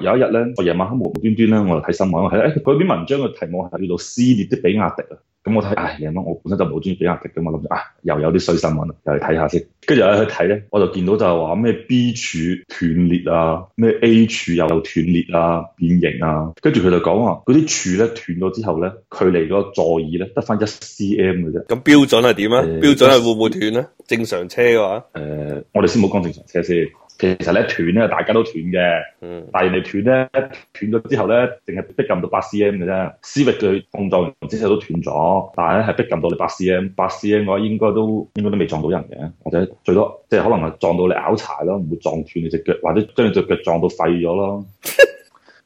有一日咧，我夜晚黑無無端端咧，我就睇新聞我睇，咧、欸，嗰篇文章嘅題目係叫做撕裂的比亞迪啊。咁、嗯、我睇，唉、哎，夜晚我本身就冇中意比亞迪咁我諗住啊，又有啲衰新聞又嚟睇下先。跟住有去睇咧，我就見到就係話咩 B 柱斷裂啊，咩 A 柱又斷裂啊、變形啊。跟住佢就講話，嗰啲柱咧斷咗之後咧，距離嗰個座椅咧得翻一 cm 嘅啫。咁標準係點啊？呃、標準係會唔會斷咧？正常車嘅話，誒、呃，我哋先冇講正常車先。其實咧斷咧，大家都斷嘅、嗯。但係人哋斷咧，斷咗之後咧，淨係逼近到八 cm 嘅啫。思域佢碰撞，至少都斷咗。但係咧，係逼近到你八 cm，八 cm 嘅話，應該都應該都未撞到人嘅，或者最多即係可能係撞到你拗柴咯，唔會撞斷你隻腳，或者將你隻腳撞到廢咗咯。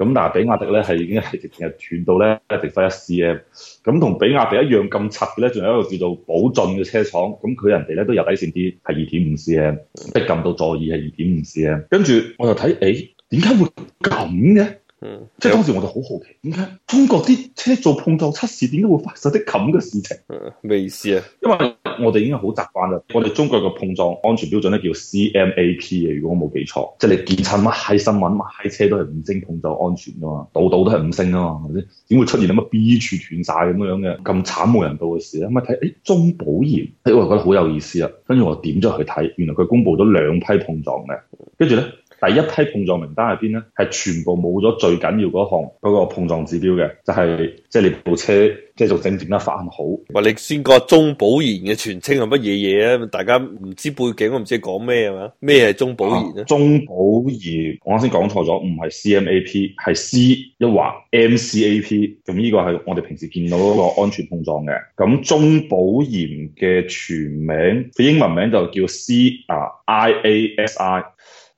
咁但係比亞迪咧係已經係直情係斷到咧，一直翻一 CM。咁同比亞迪一樣咁柒嘅咧，仲有一個叫做寶駿嘅車廠。咁佢人哋咧都有底線啲，係二點五 CM，即係撳到座椅係二點五 CM。嗯、跟住我就睇，誒、欸，點解會咁嘅？嗯，即係當時我就好好奇，點解中國啲車做碰撞測試，點解會發生啲咁嘅事情？咩、嗯、意思啊？因為我哋已經好習慣啦。我哋中國嘅碰撞安全標準咧叫 CMAP 嘅，如果我冇記錯，即係你見親乜閪新聞，乜閪車都係五星碰撞安全啫嘛，度度都係五星啊嘛，點會出現咁嘅 B 柱斷晒？咁樣嘅咁慘無人道嘅事咧？咁啊睇誒中保研，因為覺得好有意思啦，跟住我點咗去睇，原來佢公布咗兩批碰撞嘅，跟住咧。第一批碰撞名單入邊咧？係全部冇咗最緊要嗰項嗰個碰撞指標嘅，就係即係你部車即係仲整唔整得翻好？我哋先講中保研嘅全稱係乜嘢嘢咧？大家唔知背景我知、啊，我唔知講咩啊嘛？咩係中保研咧？中保研，我啱先講錯咗，唔係 C M A P，係 C 一或 M C A P。咁呢個係我哋平時見到嗰個安全碰撞嘅。咁中保研嘅全名，佢英文名就叫 C 啊 I A S I。A S I,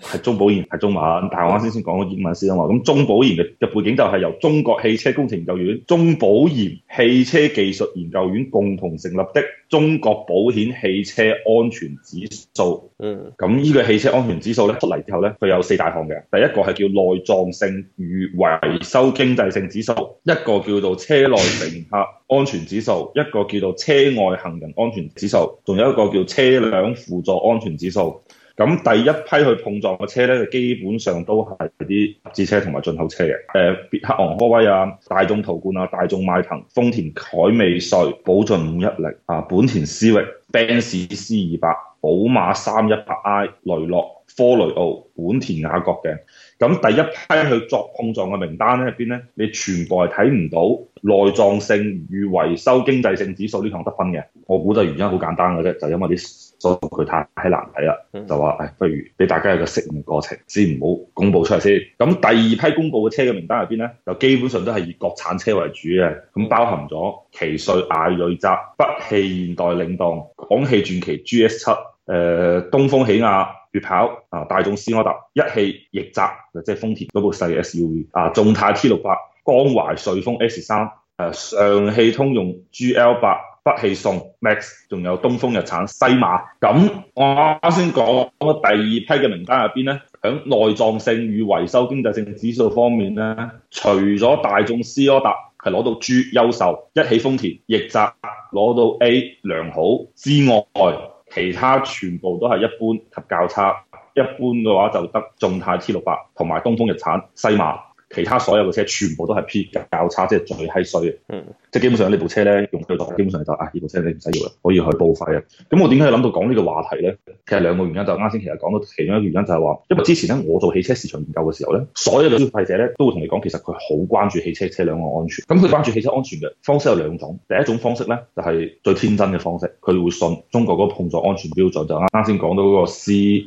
係中保研係中文，但係我啱先先講咗英文先啊嘛。咁中保研嘅嘅背景就係由中國汽車工程研究院、中保研汽車技術研究院共同成立的中國保險汽車安全指數。嗯。咁呢個汽車安全指數咧出嚟之後咧，佢有四大項嘅。第一個係叫耐撞性與維修經濟性指數，一個叫做車內乘客安全指數，一個叫做車外行人安全指數，仲有一個叫車輛輔助安全指數。咁第一批去碰撞嘅車咧，就基本上都係啲合資車同埋進口車嘅。誒，別克昂科威啊，大眾途觀啊，大眾邁騰、豐田凱美瑞、寶駿五一零啊，本田思域、Benz C 二百、寶馬三一八 I、雷諾科雷奧、本田雅閣嘅。咁第一批去作碰撞嘅名單咧入邊咧，你全部係睇唔到耐撞性與維修經濟性指數呢項得分嘅。我估就原因好簡單嘅啫，就因為啲。所以佢太太難睇啦，就話誒、哎，不如俾大家一個適應過程，先唔好公布出嚟先。咁第二批公布嘅車嘅名單入邊咧，就基本上都係以國產車為主嘅，咁包含咗奇瑞艾瑞澤、北汽現代領動、廣汽傳祺 G S 七、呃、誒東風起亞奕跑、啊大眾斯柯達、一汽奕澤，即、就、係、是、豐田嗰部細 S U V 啊，眾泰 T 六八、江淮瑞風 S 三、啊、誒上汽通用 G L 八。北汽宋、Max，仲有東風日產、西馬。咁我啱先講第二批嘅名單入邊咧，喺耐撞性與維修經濟性指數方面咧，除咗大眾斯柯達係攞到 G 優秀，一汽豐田、奕澤攞到 A 良好之外，其他全部都係一般及較差。一般嘅話就得眾泰 T 六百同埋東風日產西馬。其他所有嘅車全部都係 P 較差，即係最閪衰嘅。嗯，即係基本上呢部車咧用佢咗，基本上就啊，呢部車你唔使要啦，可以去報廢啦。咁我點解諗到講呢個話題咧？其實兩個原因、就是，就啱先其實講到其中一個原因就係、是、話，因為之前咧我做汽車市場研究嘅時候咧，所有嘅消費者咧都會同你講，其實佢好關注汽車車輛嘅安全。咁佢關注汽車安全嘅方式有兩種，第一種方式咧就係、是、最天真嘅方式，佢會信中國嗰個碰撞安全標準，就啱、是、先講到嗰個 C。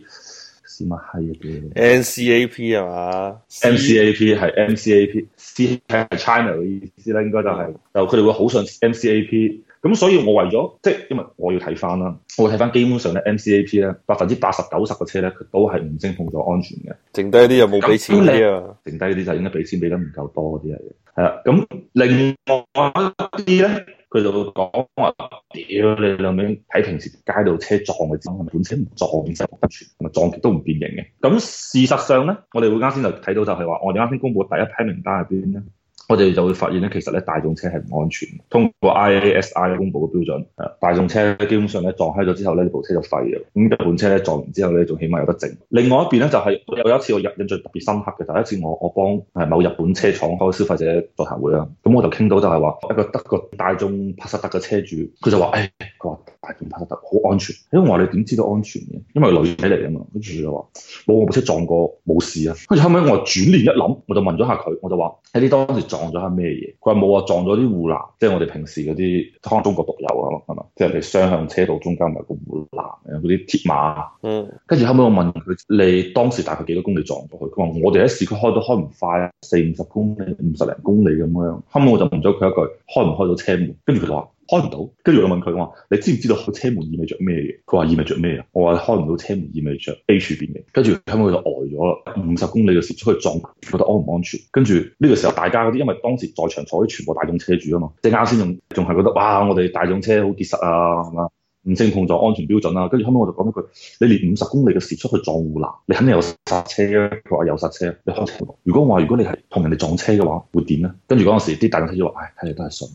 是咪啊，啲 NCAP 係嘛？NCAP 係 NCAP，C 係 China 嘅意思啦，應該就係、是、就佢哋會好信 NCAP 咁所以我為咗即係，因為我要睇翻啦，我要睇翻基本上咧 NCAP 咧百分之八十九十嘅車咧，佢都係五星碰撞安全嘅、啊。剩低啲又冇俾錢你啊！剩低啲就應該俾錢俾得唔夠多啲係。係啦，咁另外啲咧。佢就會講話，屌你兩邊睇平時街度車撞嘅車，本來唔撞唔失不全，同埋撞極都唔變形嘅。咁事實上咧，我哋會啱先就睇到就係話，我哋啱先公布的第一批名單係邊咧？我哋就會發現咧，其實咧大眾車係唔安全。通過 IASI 公布嘅標準，大眾車咧基本上咧撞開咗之後咧，呢部車就廢嘅。咁日本車咧撞完之後咧，仲起碼有得整。另外一邊咧就係、是、有一次我印象特別深刻嘅，就係一次我我幫某日本車廠開消費者座談會啦。咁我就傾到就係話一個德國大眾帕薩特嘅車主，佢就話誒，佢、哎、話大眾帕薩特好安全。誒，我話你點知道安全嘅？因為女仔嚟啊嘛，跟住就話冇，我部車撞過冇事啊。跟住後尾我轉念一諗，我就問咗下佢，我就話：你當時撞？撞咗下咩嘢？佢話冇啊，撞咗啲護欄，即係我哋平時嗰啲可能中國獨有啊，係嘛？即係你雙向車道中間咪個護欄，有嗰啲鐵馬。嗯。跟住後尾我問佢：你當時大概幾多公里撞過去？佢話：我哋喺市區開都開唔快啊，四五十公里、五十零公里咁樣。後尾我就問咗佢一句：開唔開到車門？跟住佢話。開唔到。跟住我問佢講話，你知唔知道開車門意味著咩嘢？佢話意味著咩啊？我話開唔到車門意味著 A 處邊嘅？跟住後尾佢就呆咗啦，五十公里嘅時速去撞，覺得安唔安全？跟住呢個時候，大家嗰啲因為當時在場坐啲全部大眾車主啊嘛，即係啱先仲仲係覺得哇，我哋大眾車好結實啊，係嘛，五星碰撞安全標準啊。跟住後尾我就講咗句，你連五十公里嘅時速去撞護欄，你肯定有剎車啊！佢話有剎車，你開車。如果我話如果你係同人哋撞車嘅話，會點咧？跟住嗰陣時啲大眾車主話，唉、哎，睇嚟都係信。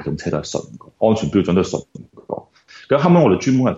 大眾車都係信，安全標準都係信。咁後尾我哋專門人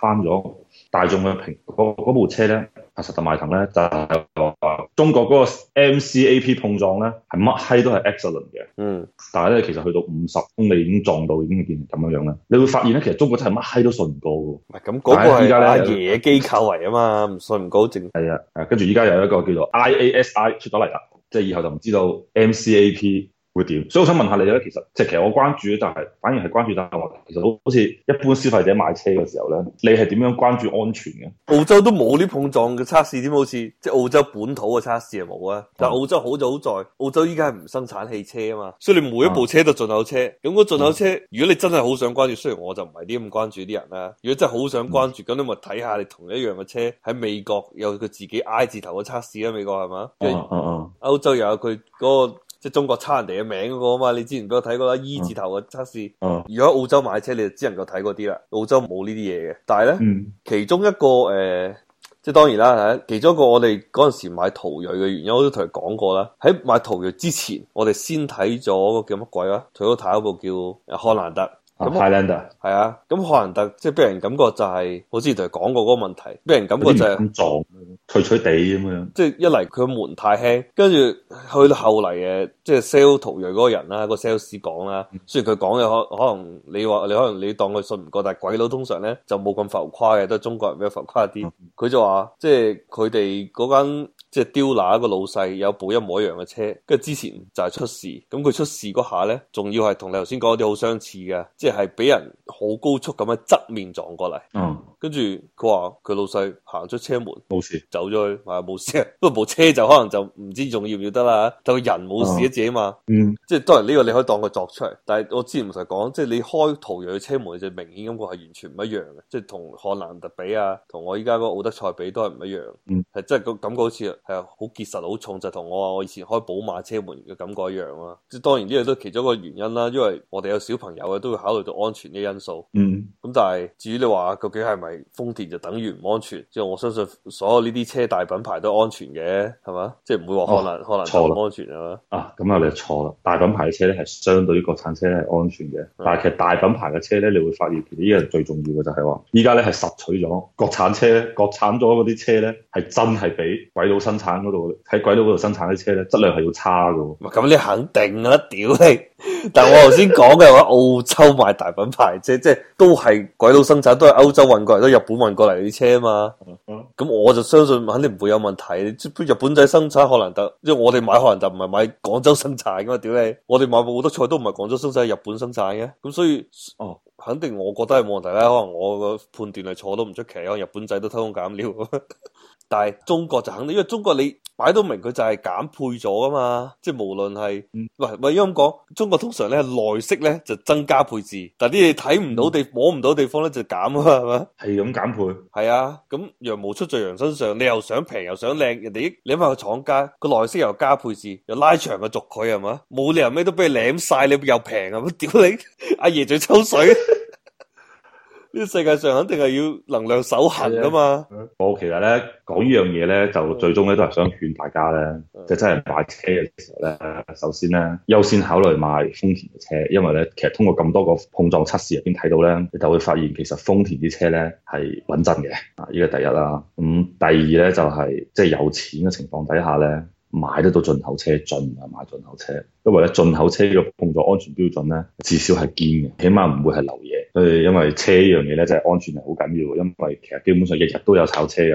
翻咗大眾嘅評，嗰嗰部車咧，阿實德邁騰咧，就係話中國嗰個 MCAP 碰撞咧，係乜閪都係 excellent 嘅。嗯，但係咧其實去到五十公里已經撞到已經係變咁樣樣啦。你會發現咧，其實中國真係乜閪都信唔過。唔係咁嗰個係野機構嚟啊嘛，唔信唔過淨係啊。誒，跟住依家有一個叫做 IASI 出咗嚟啦，即係以後就唔知道 MCAP。會點？所以我想問下你咧，其實即係其實我關注咧，就係反而係關注。但係其實好好似一般消費者買車嘅時候咧，你係點樣關注安全嘅？澳洲都冇啲碰撞嘅測試，點好似即係澳洲本土嘅測試係冇啊？但係澳洲好就好在澳洲依家係唔生產汽車啊嘛，所以你每一部車都進口車。咁、啊、個進口車，如果你真係好想關注，嗯、雖然我就唔係啲咁關注啲人啦。如果真係好想關注，咁、嗯、你咪睇下你同一樣嘅車喺美國有佢自己 I 字頭嘅測試啊，美國係嘛？哦哦歐洲又有佢嗰個、那個。即係中國差人哋嘅名嗰個啊嘛，你之前都有睇過啦，E 字頭嘅測試。嗯、啊，啊、如果喺澳洲買車，你就只能夠睇嗰啲啦。澳洲冇呢啲嘢嘅，但係咧，嗯、其中一個誒、呃，即係當然啦，其中一個我哋嗰陣時買途睿嘅原因，我都同佢講過啦。喺買途睿之前，我哋先睇咗個叫乜鬼啊？除咗睇一部叫《漢蘭德》。咁好難得，係啊！咁可能特即係俾人感覺就係，好似同佢講過嗰個問題，俾人感覺就係咁撞，脆脆地咁樣。即係一嚟佢門太輕，跟住去到後嚟嘅，即係 sell 途銳嗰個人啦，個 sales 講啦。雖然佢講嘅可可能你話你可能你當佢信唔過，但係鬼佬通常咧就冇咁浮誇嘅，都係中國人比較浮誇啲。佢、嗯、就話，即係佢哋嗰間。即係丟那一個老細有部一模一樣嘅車，跟住之前就係出事，咁佢出事嗰下咧，仲要係同你頭先講啲好相似嘅，即係俾人好高速咁樣側面撞過嚟。嗯，跟住佢話佢老細行出車門冇事，走咗去話冇事，不過部車就可能就唔知仲要唔要得啦。但個人冇事啊，自己嘛，嗯，即係當然呢個你可以當佢作出嚟，但係我之前唔係講，即係你開途銳車門就明顯感覺係完全唔一樣嘅，即係同漢蘭達比啊，同我依家嗰個奧德賽比都係唔一樣，嗯，係真係個感覺好似。係啊，好結實、好重就同我話我以前開寶馬車門嘅感覺一樣啦。即當然呢個都其中一個原因啦，因為我哋有小朋友嘅都會考慮到安全嘅因素。嗯，咁但係至於你話究竟係咪豐田就等於唔安全？即係我相信所有呢啲車大品牌都安全嘅，係嘛？即係唔會話可能、哦、錯可能唔安全啊嘛？啊，咁啊你錯啦，大品牌嘅車咧係相對於國產車咧係安全嘅，但係其實大品牌嘅車咧你會發現呢樣最重要嘅就係話，依家咧係實取咗國產車國產咗嗰啲車咧係真係比鬼佬生產度喺鬼佬度生產啲車咧，質量係要差嘅。咁你肯定啦，屌你！但我頭先講嘅話，澳洲買大品牌，即係即係都係鬼佬生產，都係歐洲運過嚟，都日本運過嚟啲車啊嘛。咁、嗯、哼我就相信肯定唔會有問題。日本仔生產可能得，即係我哋買可能就唔係買廣州生產噶嘛，屌你！我哋買好多菜都唔係廣州生產，日本生產嘅。咁所以，哦，肯定我覺得係冇問題啦。可能我個判斷係錯都唔出奇，可能日本仔都偷工減料。 但係中國就肯定，因為中國你擺到明佢就係減配咗啊嘛，即係無論係唔係，嗯、喂因為咁講，中國通常咧內飾咧就增加配置，但啲你睇唔到地、嗯、摸唔到地方咧就減啊嘛，係咪？係咁減配？係啊，咁羊毛出在羊身上，你又想平又想靚，人哋你諗下個廠家個內飾又加配置又拉長嘅軸距係嘛，冇理由咩都俾你舐晒，你又平啊？我屌你，阿爺在抽水。 呢個世界上肯定係要能量守恆噶嘛。我其實咧講呢樣嘢咧，就最終咧都係想勸大家咧，即係、真係買車嘅時候咧，首先咧優先考慮買豐田嘅車，因為咧其實通過咁多個碰撞測試入邊睇到咧，你就會發現其實豐田啲車咧係穩陣嘅。啊，呢個第一啦。咁、嗯、第二咧就係即係有錢嘅情況底下咧。買得到進口車，盡啊買進口車，因為咧進口車嘅碰撞安全標準咧，至少係堅嘅，起碼唔會係流嘢。誒，因為車依樣嘢咧，就係安全係好緊要嘅，因為其實基本上日日都有炒車嘅。